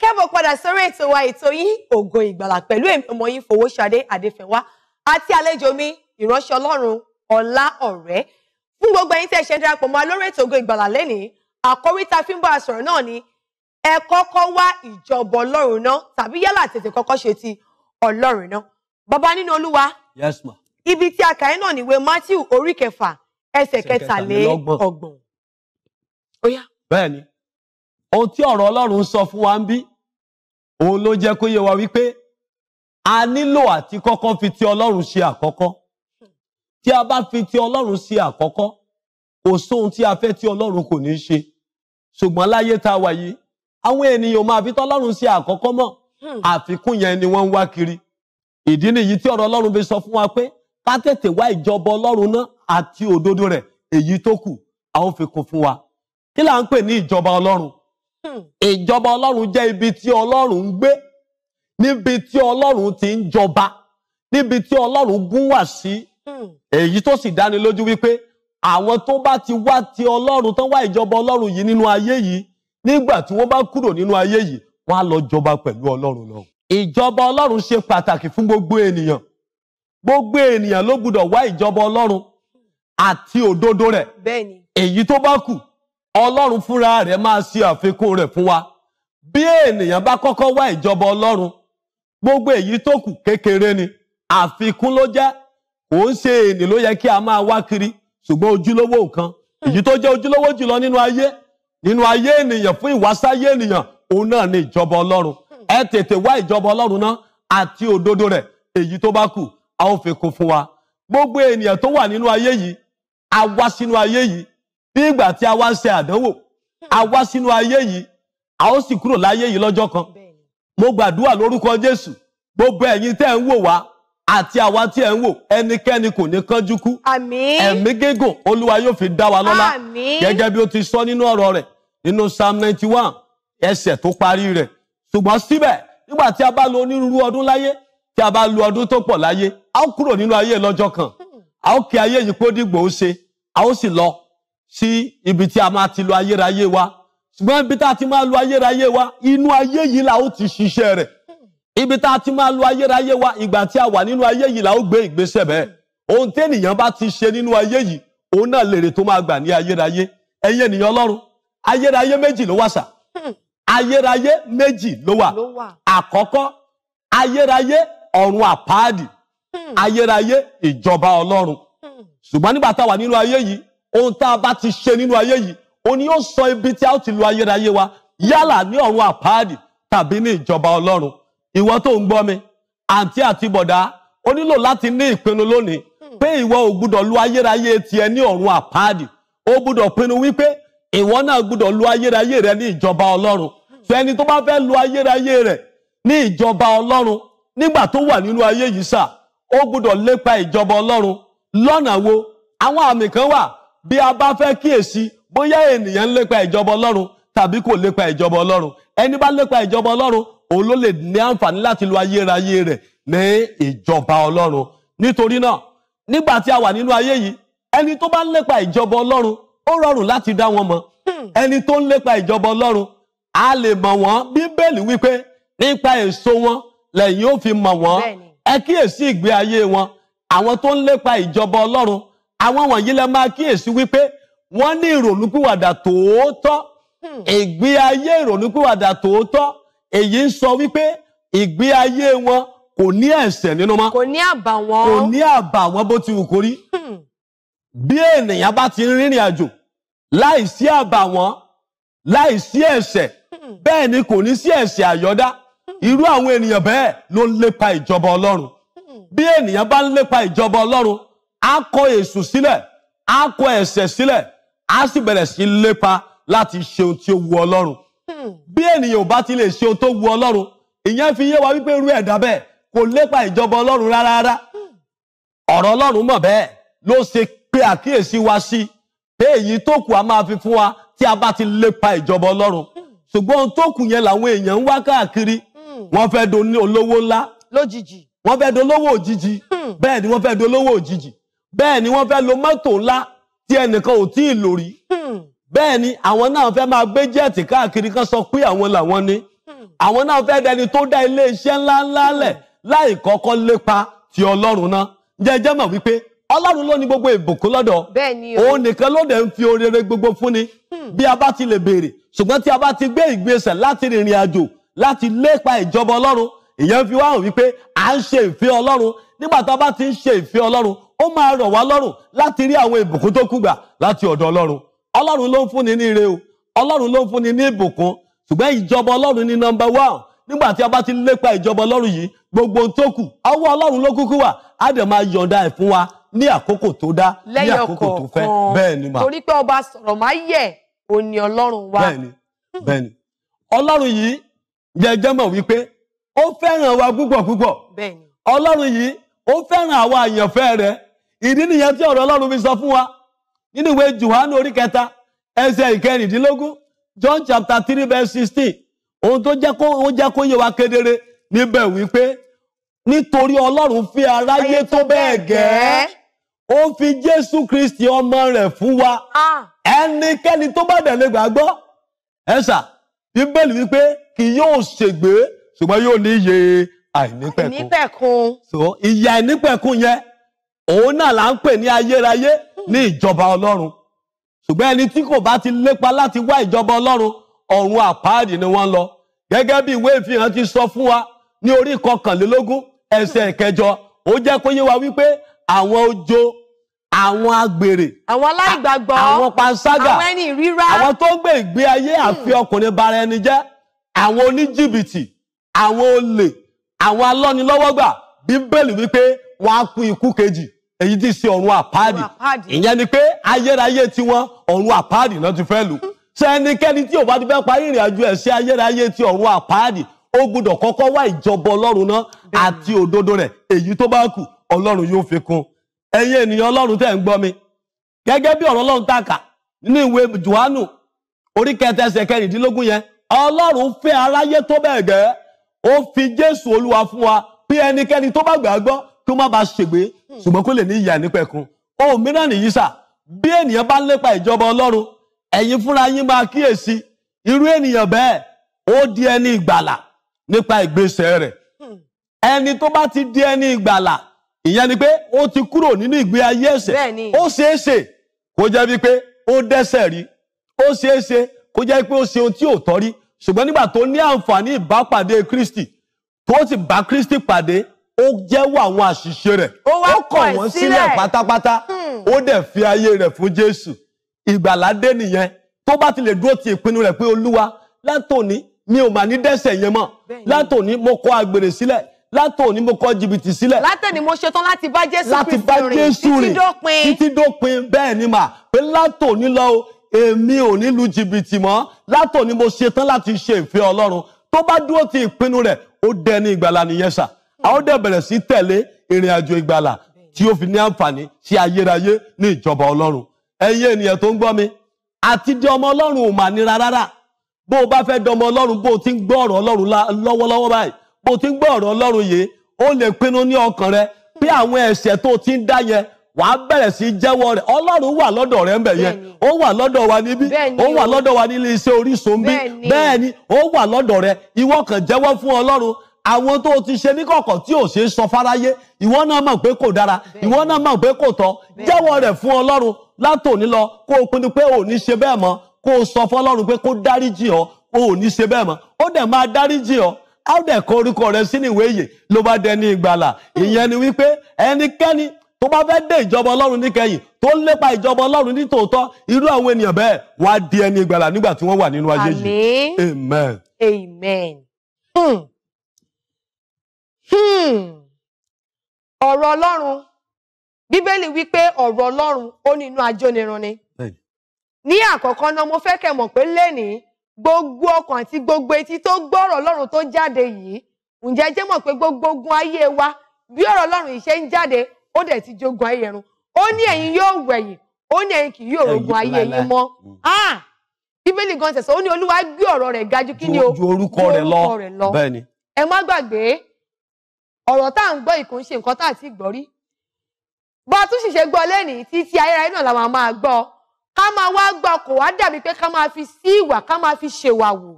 kẹ́bọ̀ padà sórí ètò wa ètò yín ògo ìgbàlà pẹ̀lú èmi ọmọ yín Fowóṣadé Adéfẹ́wá àti àlejò mi ìránṣẹ́ Ọlọ́run Ọlá Ọ̀rẹ́ fún gbogbo ẹ̀yin tí ẹ ṣe ń darapọ̀ mọ́ lórí ètò ògo ìgbàlà lẹ́nìí àkórí tá fi ń bá a sọ̀rọ̀ náà ni ẹ kọ́kọ́ wá ìjọba Ọlọ́run náà tàbí yálà tètè kọ́kọ́ ṣe ti Ọlọ́run náà bàbá nínú Olúwa yes ma ibi tí a kà náà níwèé Matthew orí kẹfà ẹsẹ̀ kẹtàlélọ́gbọ̀n bẹ́ẹ̀ ohun tí ọ̀rọ̀ Ọlọ́run sọ fún wa ń bí òun ló jẹ́ kó yé wa wípé a nílò àti kọ́kọ́ fi ti Ọlọ́run ṣe àkọ́kọ́ tí a bá fi ti Ọlọ́run ṣe àkọ́kọ́ kò sóhun tí a fẹ́ tí Ọlọ́run kò ní ṣe ṣùgbọ́n láyé tá a wà yìí àwọn ènìyàn máa fi tọ́lọ́run ṣe àkọ́kọ́ mọ́ hmm. àfikún yẹn ni wọ́n ń wá kiri ìdí nìyí tí ọ̀rọ̀ Ọlọ́run fi sọ fún wa pé ká tètè wá ìjọba Ọlọ́run náà àti òdodo rẹ̀ èyí tó kù àwọn fi kún fún wa kí là ń pè ní ìjọba Ọlọ́run ìjọba ọlọ́run jẹ́ ibi tí ọlọ́run ń gbé níbi tí ọlọ́run ti ń jọba níbi tí ọlọ́run gún wà sí èyí tó sì dáni lójú wípé àwọn tó bá ti wá ti ọlọ́run tán wá ìjọba ọlọ́run yìí nínú ayé yìí nígbà tí wọ́n bá kúrò nínú ayé yìí wọ́n á lọ jọba pẹ̀lú ọlọ́run lọ. ìjọba ọlọ́run ṣe pàtàkì fún gbogbo ènìyàn gbogbo ènìyàn ló gbúdọ̀ wá ìjọba ọlọ́run àti òdodo rẹ̀ èyí tó bá kù ọlọ́run fúnra rẹ̀ máa ṣe àfikún rẹ̀ fún wa bí ènìyàn bá kọ́kọ́ wá ìjọba ọlọ́run gbogbo èyí tó kù kékeré ni àfikún ló jẹ́ kò ń ṣe ènì ló yẹ kí a máa wá kiri ṣùgbọ́n ojúlówó nǹkan èyí tó jẹ́ ojúlówó jùlọ nínú ayé nínú ayé ènìyàn fún ìwásáyé ènìyàn òun náà ni ìjọba ọlọ́run ẹ tètè wá ìjọba ọlọ́run náà àti òdodo rẹ̀ èyí tó bá kù a ó fi kún fún wa gbogbo ènìyàn tó wà nínú ayé yìí a wá sínú ayé yìí bí ìgbà tí a wá ń ṣe àdánwò a wá sínú ayé yìí a ó sì kúrò láyé yìí lọ́jọ́ kan mo gbàdúrà lórúkọ Jésù gbogbo ẹ̀yin tẹ́ ń wò wá àti àwa tí ẹ̀ ń wò ẹnikẹ́ni kò ní kánjú kú ẹ̀mí gígùn Olúwa yóò fi dá wa lọ́lá gẹ́gẹ́ bí ó ti sọ nínú ọ̀rọ̀ rẹ̀ nínú Psalm ninety one ẹsẹ̀ tó parí rẹ̀ ṣùgbọ́n síbẹ̀ nígbà tí a bá lo onírúurú ọdún láyé tí a bá lo ọdún tó pọ̀ láyé a ó kúrò nínú ayé lọ́jọ́ kan hmm. a ó kí ayé yìí kó dìgbò ó ṣe a ó sì lọ sí ibi tí a máa ti lo ayérayé wa ṣùgbọ́n ibi tá a ti máa lo ayérayé wa inú ayé yìí la ó ti ṣiṣẹ́ rẹ̀ ibi tá a ti máa lo ayérayé wa ìgbà tí a wà nínú ayé yìí la ó gbé ìgbésẹ̀ bẹ́ẹ̀ ohun tẹ́nìyàn bá ti ṣe nínú ayé yìí òun náà lèrè tó máa gbà ní ayérayé ẹ̀yin ènìyàn ọlọ́run ayérayé méjì ló wà sà ayérayé méjì ló wà àkọ́kọ́ ayérayé ọ̀run àpáàdì hmm. ayérayé ìjọba ọlọ́run hmm. ṣùgbọ́n nígbà tá nínú ayé yìí ohun tá a bá ti ṣe nínú ayé yìí òun ni yóò sọ ibi tí a ó ti lo ayérayé wa yálà ní ọ̀run àpáàdì tàbí ní ìjọba ọlọ́run ìwọ tó ń gbọ́ mi àǹtí àti bọ̀dá o nílò láti ní ìpinnu lónìí pé ìwọ ò gbúdọ̀ lo ayérayé tiẹ̀ ní ọ̀run àpáàdì o gbúdọ̀ pinnu wípé ìwọ náà gbúdọ̀ lo ayérayé rẹ ní ìjọba ọlọ́run fẹ́ni tó bá fẹ́ lo ayérayé rẹ ní ìjọba ọlọ́run nígbà tó wà nínú ayé yìí sà ó gbúdọ̀ lépa ìjọba ọlọ́run lọ́nà wo àwọn àmì kan wà bí a bá fẹ́ kíyèsí bóyá ènìyàn ń lépa ìjọba ọlọ́run tàbí kò lépa ìjọba ọlọ́run ẹni bá lépa ìjọba ọlọ́run òun ló lè ní àǹfààní láti lo ayérayé rẹ̀ ní ìjọba ọlọ́run nítorí náà nígbà tí a wà nínú ayé yìí ẹni tó bá ń lépa ìjọba ọlọ́run ó rọrùn láti dá wọn mọ̀ hmm. ẹni tó ń lépa ìjọba ọlọ́run a lè mọ̀ wọ́n bíbélì wípé nípa èso wọn lẹ́yìn ó fi mọ̀ wọ́n ẹ kíyèsí ìgbé ayé wọn àwọn tó ń lépa ìjọba ọlọ́run àwọn wọ̀nyí la máa kíyèsí wípé wọ́n ní ìrònúpìwàdà tòótọ́ hmm. ìgbé ayé ìrònúpìwàdà tòótọ́ èyí ń sọ wípé ìgbé ayé wọn kò ní ẹ̀ṣẹ̀ nínú mọ́ kò ní àbàwọ́n kò ní àbàwọ́n bó ti wù kó rí hmm. bí ènìyàn bá ti rìnrìn àjò láìsí àbàwọ́n láìsí ẹ̀ṣẹ̀ hmm. bẹ́ẹ̀ ni kò ní sí ẹ̀ṣẹ̀ àyọ́dá irú àwọn ènìyàn bẹ́ẹ̀ ló ń lépa ìjọba Ọlọ́run bí ènìyàn bá ń lépa ìjọba Ọlọ́run á kọ èṣù sílẹ̀ á kọ ẹ̀ṣẹ̀ sílẹ̀ á sì bẹ̀rẹ̀ sí lépa láti ṣe ohun tí ó wu ọlọ́run. Hmm. bí ènìyàn bá ti lè ṣe ohun tó wu ọlọ́run ìyẹn fi yé wa wípé irú ẹ̀dá bẹ́ẹ̀ kò lépa ìjọba ọlọ́run rárá. Hmm. ọ̀rọ̀ ọlọ́run mọ̀ bẹ́ẹ̀ ló ṣe pé àkíyèsí wa sí pé èyí tó kù a máa fi fún wa tí a bá ti lépa ìjọba ọlọ́run. Hmm. ṣùgbọ́n ohun tó kù yẹn làwọn èèyàn ń wá káàkiri wọ́n fẹ́ dolówó ńlá lójijì wọ́n fẹ́ dolówó òjijì bẹ́ẹ̀ ni wọ́n fẹ́ dolówó òjijì bẹ́ẹ̀ ni wọ́n fẹ́ lo mọ́tò ńlá tí ẹnìkan ò tí ì lò rí hmm. bẹ́ẹ̀ ni àwọn náà fẹ́ máa gbé jẹ́ẹ̀tì káàkiri kan sọ pé àwọn làwọn ni hmm. àwọn náà fẹ́ dẹni tó dá iléeṣẹ́ ńláńlá hmm. lẹ̀ láì kọ́kọ́ lépa ti ọlọ́run náà jẹ́jẹ́ mọ̀ wípé ọlọ́run ló ní gbogbo ìbùkún lọ́dọ̀ òun nìkan ló dẹ̀ ń fi oríire gbogbo fúnni bí a bá ti lè béèrè ṣùgbọ́n tí a bá ti gbé ìgbésẹ̀ láti rìnrìn àjò láti lépa ìjọba ọlọ́run ìyẹn fi wá hàn wípé à ń ṣe ìfẹ́ ọlọ́run nígbà tá a bá ti ń ṣe ìfẹ́ ọlọ́run ó máa rọ̀ wá lọ́rùn láti rí àwọn ìbùkún tó kù gbà láti ọ̀dọ̀ ọlọ́run ọlọ́run ló ń fúnni ní ire o ọlọ́run ló ń fúnni ní ìbùkún ṣùgbọ́n ìjọba ọlọ́run ní nọ́mbà 1. nígbà tí a bá ti lépa ìjọba ọlọ́run yìí gbogbo ohun tó kù ọwọ́ ọlọ́run ló kúkú wà á dẹ̀ máa yọ̀ǹda wa ní àkókò tó dá ni mà. torí pé ọba sọ̀rọ̀ ọlọ́run ọlọ́run yìí mọ̀ wa púpọ̀ ìdí nìyẹn tí ọ̀rọ̀ Ọlọ́run fi sọ fún wa nínú ìwé Jòhánù orí kẹta ẹsẹ̀ ìkẹrìndínlógún John chapter three verse sixteen ohun tó jẹ́ kó ó jẹ́ kó yé wa kedere níbẹ̀ wípé nítorí Ọlọ́run fi aráyé tó bẹ́ẹ̀ gẹ́ẹ́ ó fi Jésù Kristi ọmọ rẹ̀ fún wa ah. ẹnikẹ́ni tó bá dẹ̀ lè gbàgbọ́ ẹ̀sà bíbélì wípé kì yóò ṣègbé ṣùgbọ́n yóò ní iye àìnípẹ̀kun so iye àìnípẹ̀kun yẹn òun náà là ń pè ní ayérayé ní ìjọba ọlọ́run ṣùgbọ́n ẹni tí kò bá ti lépa láti wá ìjọba ọlọ́run ọ̀run àpáàdì ni wọ́n lọ gẹ́gẹ́ bí ìwé ìfihàn ti sọ fún wa ní orí kọkànlélógún ẹsẹ̀ ìkẹjọ ó jẹ́ kó yé wa wípé àwọn ojo àwọn agbèrè àwọn aláìgbàgbọ́ àwọn panṣágà àwọn ẹni ìríra àwọn tó ń gbé ìgbé ayé àfi ọkùnrin bara ẹni jẹ́ àwọn oníjìbìtì àwọn olè àwọn alọ́nilọ́wọ́gbà bíbélì wípé wọ́n á kú ikú kejì èyí tí ṣe ọ̀run àpáàdì ìyẹn ni pé ayérayé tiwọn ọ̀run àpáàdì náà ti fẹ́ lò ṣe ẹnikẹ́ni tí ó bá ti fẹ́ parí ìrìn àjò ẹ̀ṣẹ̀ ayérayé ti ọ̀run àpáàdì ó gbọ́dọ̀ kọ́kọ́ wá ìjọba ọlọ́run náà àti òdodo rẹ̀ èyí tó bá kù ọlọ́run yóò fi kún ẹ̀yin ènìyàn ọlọ́run tẹ̀ ń gbọ́ mi gẹ́gẹ́ bí ọ̀rọ̀ ọlọ́run tàkà nínú ìwé Jòhánù orí kẹta ẹsẹ̀ kẹrìndínlógún yẹn ọlọ́run fẹ́ aráyé tó bẹ́ẹ̀ gẹ́ ó fi Jésù olúwa fún wa pé ẹnikẹ́ni tó bá gbàgbọ́ kí wọ́n má bàa ṣègbè hmm. ṣùgbọ́n kó lè ní ìyà nípẹ̀kun ohun mìíràn nìyí sà bí ènìyàn bá ń lépa ìjọba ọlọ́run ẹ̀yin fúnra yín máa kíyèsí irú ènìyàn bẹ́ẹ̀ ó di ẹni ìgbàlà nípa ìgbésẹ̀ rẹ̀ hmm. ẹni tó bá ti di ẹni ìgbàlà ìyẹn ni pé ó ti kúrò nínú ìgbé ayé ẹ̀ṣẹ̀ ó ṣeé ṣe kó jẹ́ wípé ó dẹ́ṣẹ̀ rí ó ṣeé kó jẹ́ pé ó ṣe ohun tí ò tọ́ rí ṣùgbọ́n nígbà tó ní àǹfààní ìbápàdé Kristi tó ti bá Kristi pàdé ó jẹ́wọ́ àwọn àṣìṣe rẹ̀ ó kọ̀ wọ́n sílẹ̀ pátápátá hmm. ó dẹ̀ fi ayé rẹ̀ fún Jésù ìgbàlá dé nìyẹn tó bá ti lè dúró ti ìpinnu rẹ̀ pé Olúwa látòní mi ò mà ní dẹ́ṣẹ̀ yẹn mọ́ látòní mo kọ̀ àgbèrè sílẹ̀ látòní mo kọ̀ jìbìtì sílẹ̀. látòní mo ṣetán láti bá Jésù Kristu rìn títí dópin títí dópin bẹ́ẹ̀ ni mà pé látòní lọ o èmi ò ní lu jìbìtì mọ́ látòní mo ṣetán láti ṣe ìfẹ́ Ọlọ́run tó bá dúró ti ìpinnu rẹ̀ ó dẹni ìgbàlá nìyẹn sà àwọn dẹ̀ bẹ̀rẹ̀ sí tẹ̀lé ìrìn àjò ìgbàlà tí ó fi ní àǹfààní sí ayérayé ní ìjọba ọlọ́run ẹ̀yin ènìyàn tó ń gbọ́ mi àti di ọmọ ọlọ́run ò mà nira rárá bó o bá fẹ́ di ọmọ ọlọ́run bó o ti ń gbọ́ ọ̀rọ̀ ọlọ́run lọ́wọ́lọ́wọ́ báyìí bó o ti ń gbọ́ ọ̀rọ̀ ọlọ́run yìí ó lè pinnu ní ọkàn rẹ pé àwọn ẹ̀ṣẹ̀ tó ti ń dá yẹn wàá bẹ̀rẹ̀ sí jẹ́wọ́ rẹ̀ ọlọ́run wà lọ́dọ̀ rẹ̀ ńbẹ̀ yẹn ó wà lọ́dọ̀ wa níbí ó wà lọ́dọ̀ wa nílé iṣẹ́ Orísun bí bẹ́ẹ̀ ni ó wà lọ́dọ̀ rẹ̀ ìwọ jẹ́wọ́ fún ọlọ́run àwọn tó o ti ṣe níkọ̀kọ̀ tí ò ṣe é sọ fáráyé ìwọ náà mọ̀ pé kò dára ìwọ náà mọ̀ pé kò tọ́ jẹ́wọ́ rẹ̀ fún ọlọ́run látòní lọ kó o pinnu pé ò ní ṣe bẹ́ẹ̀ mọ́ kó o sọ fọlọ́run pé kó dáríjì ọ o ò ní ṣe bẹ́ẹ̀ mọ́ ó dẹ̀ máa dáríjì ọ á dẹ̀ kọ orúkọ rẹ sínú ìwé ìyè ló bá dẹni ìgbàlà ìyẹn ni wípé ẹnikẹ́ni tó bá fẹ́ dé ìjọba ọlọ́run níkẹyìn tó ń lépa ìjọba ọlọ́run ní tòótọ́ irú àwọn ènìyàn bẹ́ẹ̀ wá di ẹni ìgbàlà nígbà tí wọ́n wà nínú ayé yìí amen. amen. Hmm. Hmm. ọ̀rọ̀ ọlọ́run bíbélì wípé ọ̀rọ̀ ọlọ́run ó ní inú ajónirun ni ní àkọ́kọ́ náà mo fẹ́ kẹ́ mọ̀ pé lénìí gbogbo ọkàn àti gbogbo etí tó gbọ́ ọ̀rọ̀ ọlọ́run tó jáde yìí ǹjẹ́ jẹ́ mọ̀ pé gbogbo ogun ayé wa bí ọ̀rọ̀ ọlọ́run yìí ṣe ń jáde ó dẹ̀ ti jogun ayé ẹ̀rùn ó ní ẹ̀yin yóò wẹ̀yìn ó ní ẹ̀yin kì yóò rogun ayé yín mọ́ hmm. ah! bíbélì gan tẹ̀sán ó ní olúwa gbé ọ̀rọ̀ rẹ̀ ga jù kí ni o ju orúkọ rẹ̀ lọ ẹ má gbàgbé ọ̀rọ̀ tá à ń gbọ́ yìí kò ń ṣe nǹkan tá à ti gbọ́ rí bá a tún ṣìṣe gbọ́ lẹ́nìí títí ayérayé náà làwọn máa gbọ́ ká máa wá gbọ́ kò wá dàbí pé ká máa fi sí ìwà ká máa fi ṣèwàwò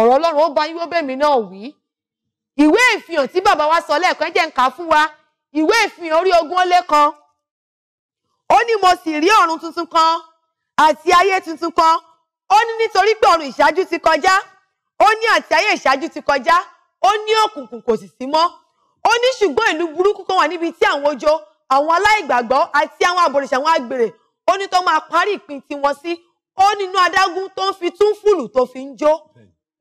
ọ̀rọ̀ ọlọ́run ó bá yín ó bẹ̀mí náà wí ìwé ìfihàn tí bàbá wa sọ lẹ́ẹ̀kan jẹ́ ń kà fún wa ìwé ìfihàn orí ogún ó lé kan ó ní mo sì rí ọ̀run tuntun kan àti ayé tuntun kan ó ní nítorí pé ọ̀run ìṣáájú ti kọjá ó ní àti ayé ìṣáájú ti kọjá ó ní òkùnkùn kò sì sí mọ́ ó ní ṣùgbọ́n ìlú burúkú kan wà níbi tí àwọn ojó àwọn aláìgbàgbọ́ àti àwọn àbọ̀rìṣà àwọn àgbèrè ó ní tó máa parí ìpín tiwọn sí ó nínú adágún tó ń fi tún fùlù tó fi ń jó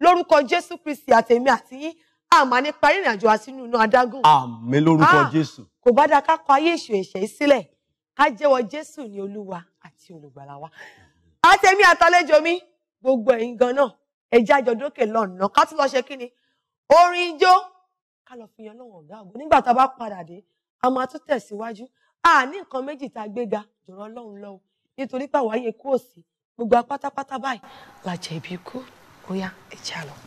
lórúkọ jésù kristi àtẹ̀mí àti yín àmà ní parí ìrìnàjò àti inú inú adágún. àmín lórúkọ ah, jésù. kò bá dáa ká kọ ayé èṣù ẹ̀ṣẹ̀ sílẹ̀ ká jẹ́wọ́ jésù ní olúwa àti olùgbàlà wa. àtẹ̀mí àtàlejò mi gbogbo ẹ̀yin gan náà ẹ jẹ́ lọ́nà ká tún lọ ṣe kí ni orin ijó ká lọ fi yan lọ́wọ́ ọ̀gá ògo nígbà tá a bá padà dé a máa tún tẹ̀síwájú a ní nǹkan méjì tá a gbéga jọ̀rọ̀ ọlọ́run lọ́wọ́ nítorí pàwáyé kú òsì gbogbo apátápátá báyìí làjẹ̀bí kú ó yá ẹ àlọ́.